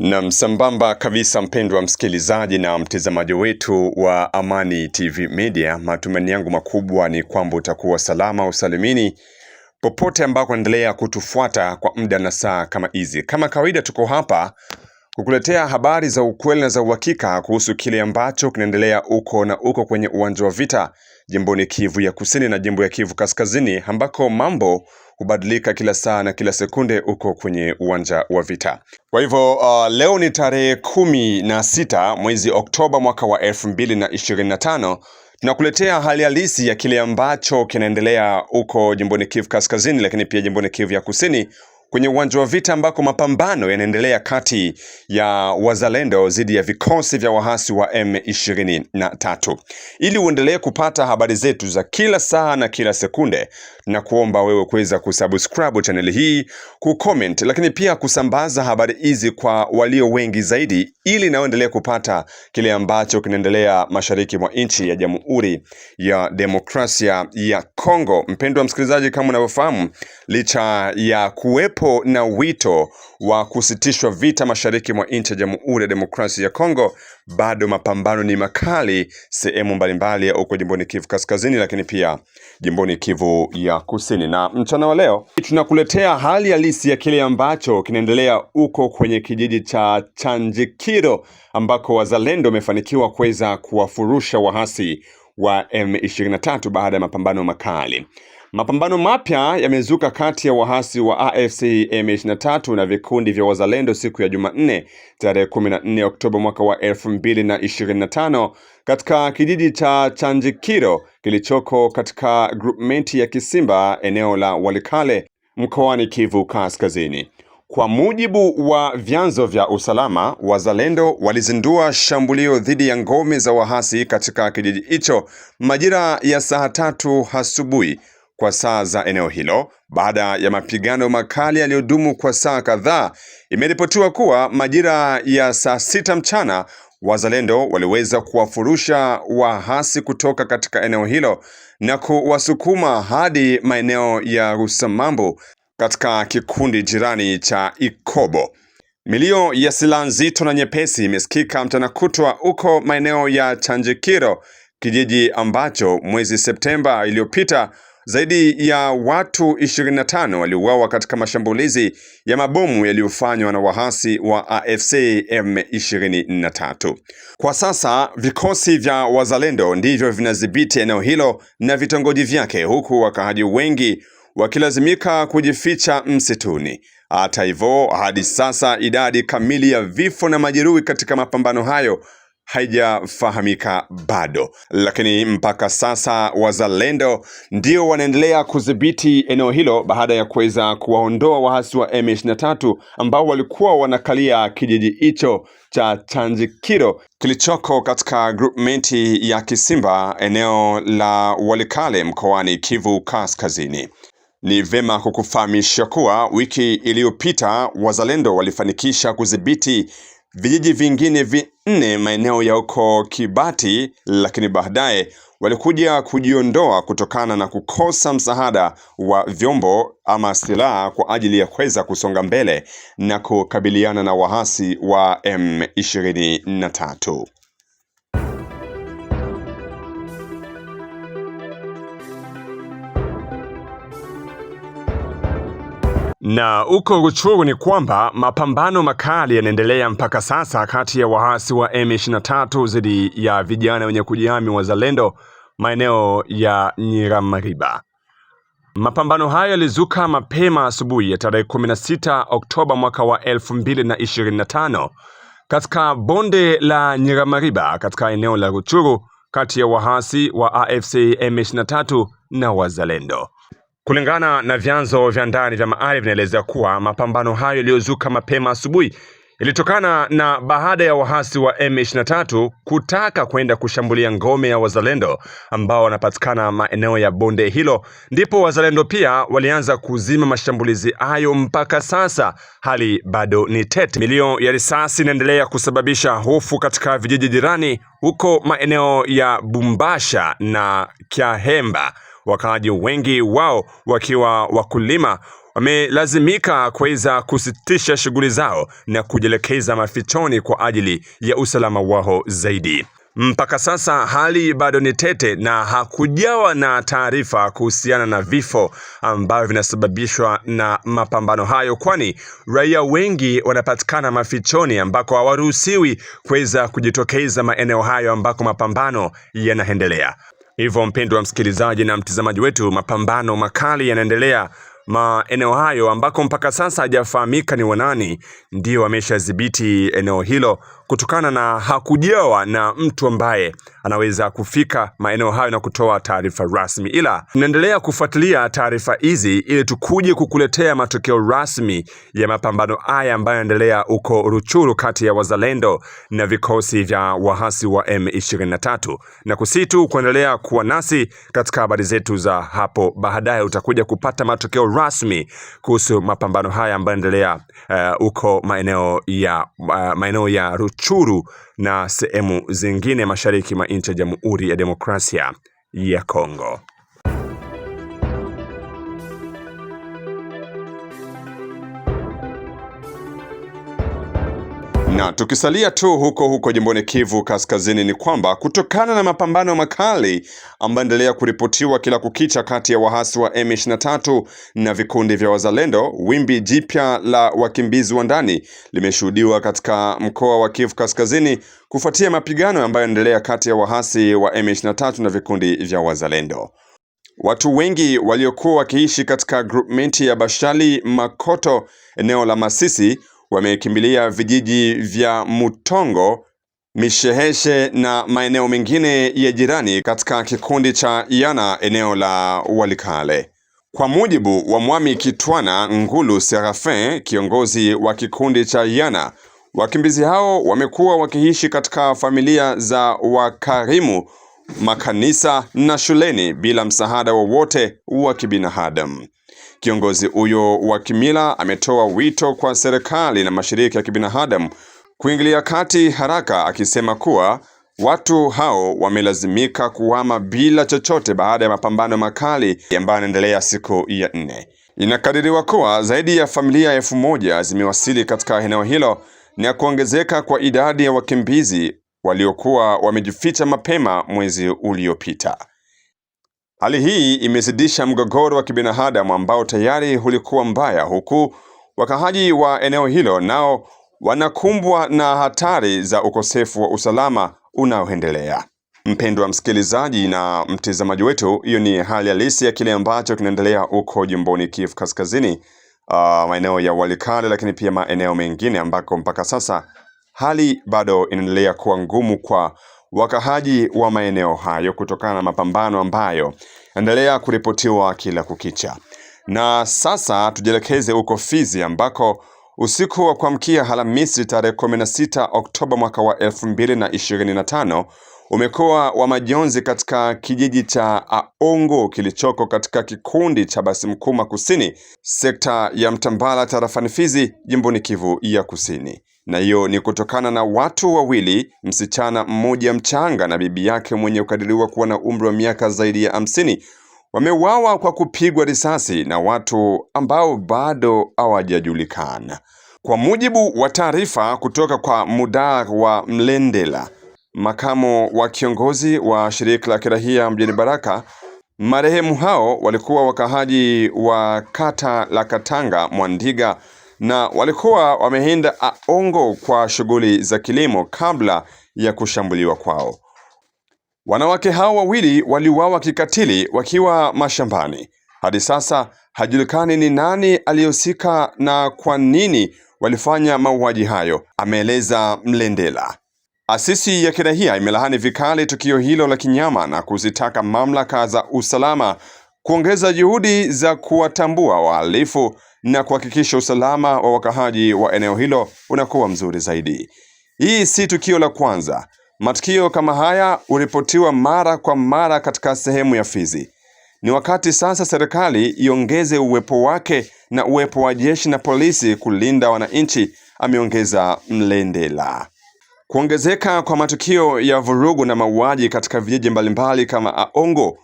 Nam, sambamba kabisa mpendwa msikilizaji na mtazamaji wetu wa Amani TV Media, matumaini yangu makubwa ni kwamba utakuwa salama usalimini popote ambako endelea kutufuata kwa muda na saa kama hizi. Kama kawaida, tuko hapa kukuletea habari za ukweli na za uhakika kuhusu kile ambacho kinaendelea uko na uko kwenye uwanja wa vita jimboni Kivu ya Kusini na jimbo ya Kivu Kaskazini ambako mambo hubadilika kila saa na kila sekunde uko kwenye uwanja wa vita. Kwa hivyo uh, leo ni tarehe kumi na sita mwezi Oktoba mwaka wa elfu mbili na ishirini na tano tunakuletea hali halisi ya kile ambacho kinaendelea uko jimboni Kivu Kaskazini, lakini pia jimboni Kivu ya Kusini kwenye uwanja wa vita ambako mapambano yanaendelea kati ya wazalendo dhidi ya vikosi vya wahasi wa M23. Ili uendelee kupata habari zetu za kila saa na kila sekunde, na kuomba wewe kuweza kusubscribe channel hii, kucomment, lakini pia kusambaza habari hizi kwa walio wengi zaidi, ili uendelee kupata kile ambacho kinaendelea mashariki mwa nchi ya Jamhuri ya Demokrasia ya Kongo. Mpendwa msikilizaji, kama unavyofahamu, licha ya kuwepo kuwepo na wito wa kusitishwa vita mashariki mwa nchi ya Jamhuri ya Demokrasia ya Kongo. Bado mapambano ni makali sehemu mbalimbali ya huko jimboni Kivu Kaskazini, lakini pia jimboni Kivu ya Kusini. Na mchana wa leo tunakuletea hali halisi ya kile ambacho kinaendelea huko kwenye kijiji cha Chanjikiro ambako wazalendo wamefanikiwa kuweza kuwafurusha wahasi wa M23 baada ya mapambano makali. Mapambano mapya yamezuka kati ya waasi wa AFC M23 na vikundi vya wazalendo siku ya Jumanne tarehe 14 Oktoba mwaka wa 2025 katika kijiji cha Chanjikiro kilichoko katika grupmenti ya Kisimba eneo la Walikale mkoani Kivu Kaskazini. Kwa mujibu wa vyanzo vya usalama, wazalendo walizindua shambulio dhidi ya ngome za waasi katika kijiji hicho majira ya saa tatu asubuhi kwa saa za eneo hilo baada ya mapigano makali yaliyodumu kwa saa kadhaa. Imeripotiwa kuwa majira ya saa sita mchana wazalendo waliweza kuwafurusha waasi kutoka katika eneo hilo na kuwasukuma hadi maeneo ya Rusamambu katika kikundi jirani cha Ikobo. Milio ya silaha nzito na nyepesi imesikika mchana kutwa huko maeneo ya Chanjikiro, kijiji ambacho mwezi Septemba iliyopita zaidi ya watu 25 waliuawa katika mashambulizi ya mabomu yaliyofanywa na wahasi wa AFC M23. Kwa sasa vikosi vya wazalendo ndivyo vinadhibiti eneo hilo na vitongoji vyake, huku wakaaji wengi wakilazimika kujificha msituni. Hata hivyo, hadi sasa idadi kamili ya vifo na majeruhi katika mapambano hayo haijafahamika bado, lakini mpaka sasa wazalendo ndio wanaendelea kudhibiti eneo hilo baada ya kuweza kuwaondoa waasi wa M23 ambao walikuwa wanakalia kijiji hicho cha Chanjikiro kilichoko katika grupmenti ya Kisimba eneo la Walikale mkoani Kivu Kaskazini. Ni vema kukufahamisha kuwa wiki iliyopita wazalendo walifanikisha kudhibiti vijiji vingine vi nne maeneo ya huko Kibati, lakini baadaye walikuja kujiondoa kutokana na kukosa msaada wa vyombo ama silaha kwa ajili ya kuweza kusonga mbele na kukabiliana na waasi wa M23. Na uko Ruchuru ni kwamba mapambano makali yanaendelea mpaka sasa kati ya waasi wa M23 dhidi ya vijana wenye kujihami wazalendo maeneo ya Nyiramariba. Mapambano hayo yalizuka mapema asubuhi ya tarehe 16 Oktoba mwaka wa 2025 katika bonde la Nyiramariba katika eneo la Ruchuru kati ya waasi wa AFC M23 na wazalendo. Kulingana na vyanzo vya ndani vya Maari vinaelezea kuwa mapambano hayo yaliyozuka mapema asubuhi ilitokana na baada ya waasi wa M23 kutaka kwenda kushambulia ngome ya wazalendo ambao wanapatikana maeneo ya bonde hilo, ndipo wazalendo pia walianza kuzima mashambulizi hayo. Mpaka sasa hali bado ni tete. Milio ya risasi inaendelea kusababisha hofu katika vijiji jirani huko maeneo ya Bumbasha na Kyahemba wakaaji wengi wao wakiwa wakulima wamelazimika kuweza kusitisha shughuli zao na kujielekeza mafichoni kwa ajili ya usalama wao zaidi. Mpaka sasa hali bado ni tete na hakujawa na taarifa kuhusiana na vifo ambavyo vinasababishwa na mapambano hayo, kwani raia wengi wanapatikana mafichoni ambako hawaruhusiwi kuweza kujitokeza maeneo hayo ambako mapambano yanaendelea. Hivyo mpendwa msikilizaji na mtizamaji wetu, mapambano makali yanaendelea maeneo hayo ambako mpaka sasa hajafahamika ni wanani ndio wameshadhibiti eneo hilo kutokana na hakujawa na mtu ambaye anaweza kufika maeneo hayo na kutoa taarifa rasmi, ila tunaendelea kufuatilia taarifa hizi ili tukuje kukuletea matokeo rasmi ya mapambano haya ambayo yanaendelea huko Ruchuru kati ya wazalendo na vikosi vya waasi wa M23, na kusitu kuendelea kuwa nasi katika habari zetu za hapo baadaye. Utakuja kupata matokeo rasmi kuhusu mapambano haya ambayo yanaendelea eh, huko uh, maeneo ya, uh, maeneo ya Ruchuru. Rutshuru na sehemu zingine mashariki mwa nchi ya Jamhuri ya Demokrasia ya Kongo. Na tukisalia tu huko huko jimboni Kivu Kaskazini, ni kwamba kutokana na mapambano makali ambayo endelea kuripotiwa kila kukicha kati ya waasi wa M23 na vikundi vya wazalendo, wimbi jipya la wakimbizi wa ndani limeshuhudiwa katika mkoa wa Kivu Kaskazini kufuatia mapigano ambayo yanaendelea kati ya waasi wa M23 na vikundi vya wazalendo. Watu wengi waliokuwa wakiishi katika groupmenti ya Bashali Makoto eneo la Masisi wamekimbilia vijiji vya Mutongo, Misheheshe na maeneo mengine ya jirani katika kikundi cha Yana eneo la Walikale. Kwa mujibu wa Mwami Kitwana Ngulu Serafin, kiongozi wa kikundi cha Yana, wakimbizi hao wamekuwa wakiishi katika familia za wakarimu, makanisa na shuleni bila msaada wowote wa, wa kibinadamu. Kiongozi huyo wa kimila ametoa wito kwa serikali na mashirika ya kibinadamu kuingilia kati haraka, akisema kuwa watu hao wamelazimika kuhama bila chochote baada ya mapambano makali ambayo yanaendelea siku ya nne. Inakadiriwa kuwa zaidi ya familia elfu moja zimewasili katika eneo hilo na kuongezeka kwa idadi ya wakimbizi waliokuwa wamejificha mapema mwezi uliopita. Hali hii imezidisha mgogoro wa kibinadamu ambao tayari ulikuwa mbaya, huku wakahaji wa eneo hilo nao wanakumbwa na hatari za ukosefu wa usalama unaoendelea. Mpendwa msikilizaji na mtazamaji wetu, hiyo ni hali halisi ya kile ambacho kinaendelea huko jimboni Kivu Kaskazini, uh, maeneo ya Walikale, lakini pia maeneo mengine ambako mpaka sasa hali bado inaendelea kuwa ngumu kwa wakahaji wa maeneo hayo kutokana na mapambano ambayo endelea kuripotiwa kila kukicha. Na sasa tujielekeze huko Fizi ambako usiku wa kuamkia Alhamisi tarehe 16 Oktoba mwaka wa 2025 umekuwa wa majonzi katika kijiji cha Aungu kilichoko katika kikundi cha Basimkuma Kusini, sekta ya Mtambala tarafani Fizi, jimboni Kivu ya Kusini na hiyo ni kutokana na watu wawili, msichana mmoja mchanga na bibi yake mwenye ukadiriwa kuwa na umri wa miaka zaidi ya hamsini wameuawa kwa kupigwa risasi na watu ambao bado hawajajulikana. Kwa mujibu wa taarifa kutoka kwa Mudaa wa Mlendela, makamo wa kiongozi wa shirika la kirahia mjini Baraka, marehemu hao walikuwa wakahaji wa kata la Katanga Mwandiga na walikuwa wameenda Aongo kwa shughuli za kilimo kabla ya kushambuliwa kwao. Wanawake hao wawili waliuawa kikatili wakiwa mashambani. Hadi sasa hajulikani ni nani aliyehusika na kwa nini walifanya mauaji hayo, ameeleza Mlendela. Asisi ya kiraia imelahani vikali tukio hilo la kinyama na kuzitaka mamlaka za usalama kuongeza juhudi za kuwatambua wahalifu na kuhakikisha usalama wa wakahaji wa eneo hilo unakuwa mzuri zaidi. Hii si tukio la kwanza. Matukio kama haya huripotiwa mara kwa mara katika sehemu ya Fizi. Ni wakati sasa serikali iongeze uwepo wake na uwepo wa jeshi na polisi kulinda wananchi, ameongeza Mlendela. Kuongezeka kwa matukio ya vurugu na mauaji katika vijiji mbalimbali kama Aongo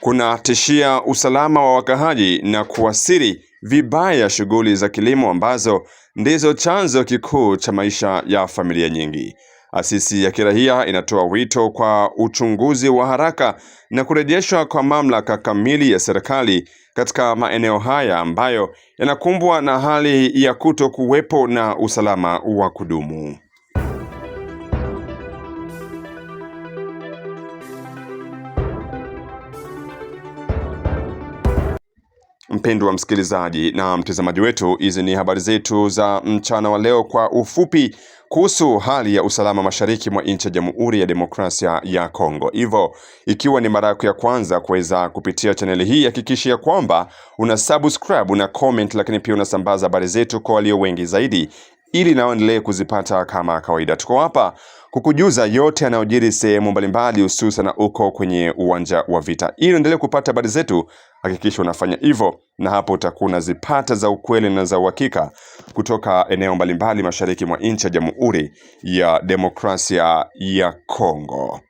kunatishia usalama wa wakahaji na kuasiri vibaya shughuli za kilimo ambazo ndizo chanzo kikuu cha maisha ya familia nyingi. Asisi ya kiraia inatoa wito kwa uchunguzi wa haraka na kurejeshwa kwa mamlaka kamili ya serikali katika maeneo haya ambayo yanakumbwa na hali ya kuto kuwepo na usalama wa kudumu. Mpendwa wa msikilizaji na mtazamaji wetu, hizi ni habari zetu za mchana wa leo kwa ufupi kuhusu hali ya usalama mashariki mwa nchi ya Jamhuri ya Demokrasia ya Kongo. Hivyo, ikiwa ni mara yako ya kwanza kuweza kupitia chaneli hii, hakikisha ya kwamba una subscribe, na comment, lakini pia unasambaza habari zetu kwa walio wengi zaidi, ili nao endelee kuzipata kama kawaida. Tuko hapa kukujuza yote yanayojiri sehemu mbalimbali, hususan na uko kwenye uwanja wa vita. Ili endelee kupata habari zetu, hakikisha unafanya hivyo, na hapo utakuwa unazipata za ukweli na za uhakika kutoka eneo mbalimbali mashariki mwa nchi ya Jamhuri ya Demokrasia ya Kongo.